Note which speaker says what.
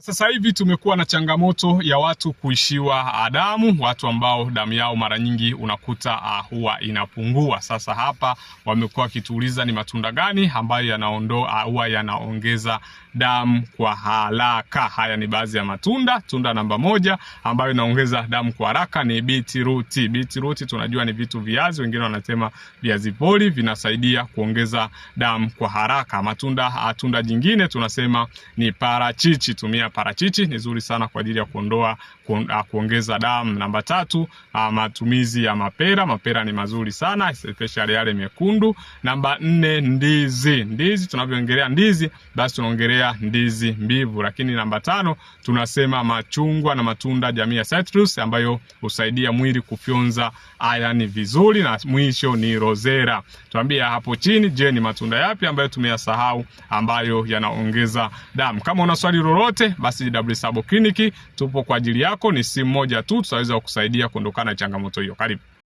Speaker 1: Sasa hivi tumekuwa na changamoto ya watu kuishiwa ah, damu, watu ambao damu yao mara nyingi unakuta uh, huwa inapungua. Sasa hapa wamekuwa wakituuliza ni matunda gani ambayo yanaondoa ah, huwa yanaongeza damu kwa haraka. Haya ni baadhi ya matunda. Tunda namba moja ambayo inaongeza damu kwa haraka ni beetroot. Beetroot tunajua ni vitu viazi, wengine wanasema viazi poli, vinasaidia kuongeza damu kwa haraka. Matunda uh, tunda jingine tunasema ni parachichi, tumia parachichi ni zuri sana kwa ajili ya kuondoa ah, kuongeza damu. Namba tatu, ah, matumizi ya mapera. Mapera ni mazuri sana especially yale mekundu. Namba nne, ndizi. Ndizi tunavyoongelea ndizi, basi tunaongelea ndizi mbivu. Lakini namba tano tunasema machungwa na matunda jamii ya citrus ambayo husaidia mwili kufyonza iron vizuri. Na mwisho ni rozera. Tuambia hapo chini, je, ni matunda yapi ambayo tumeyasahau ambayo yanaongeza damu? Kama una swali lolote basi w Sabo Clinic tupo kwa ajili yako. Ni simu moja tu tutaweza kukusaidia kuondokana na changamoto hiyo. Karibu.